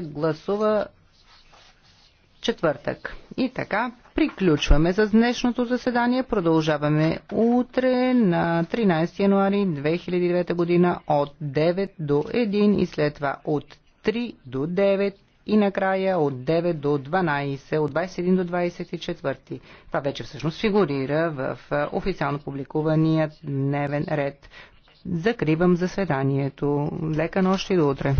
гласува четвъртък. И така, приключваме с днешното заседание. Продължаваме утре на 13 януари 2009 година от 9 до 1 и след това от 3 до 9 и накрая от 9 до 12, от 21 до 24. Това вече всъщност фигурира в официално публикувания дневен ред. Закривам заседанието. Лека нощ и до утре.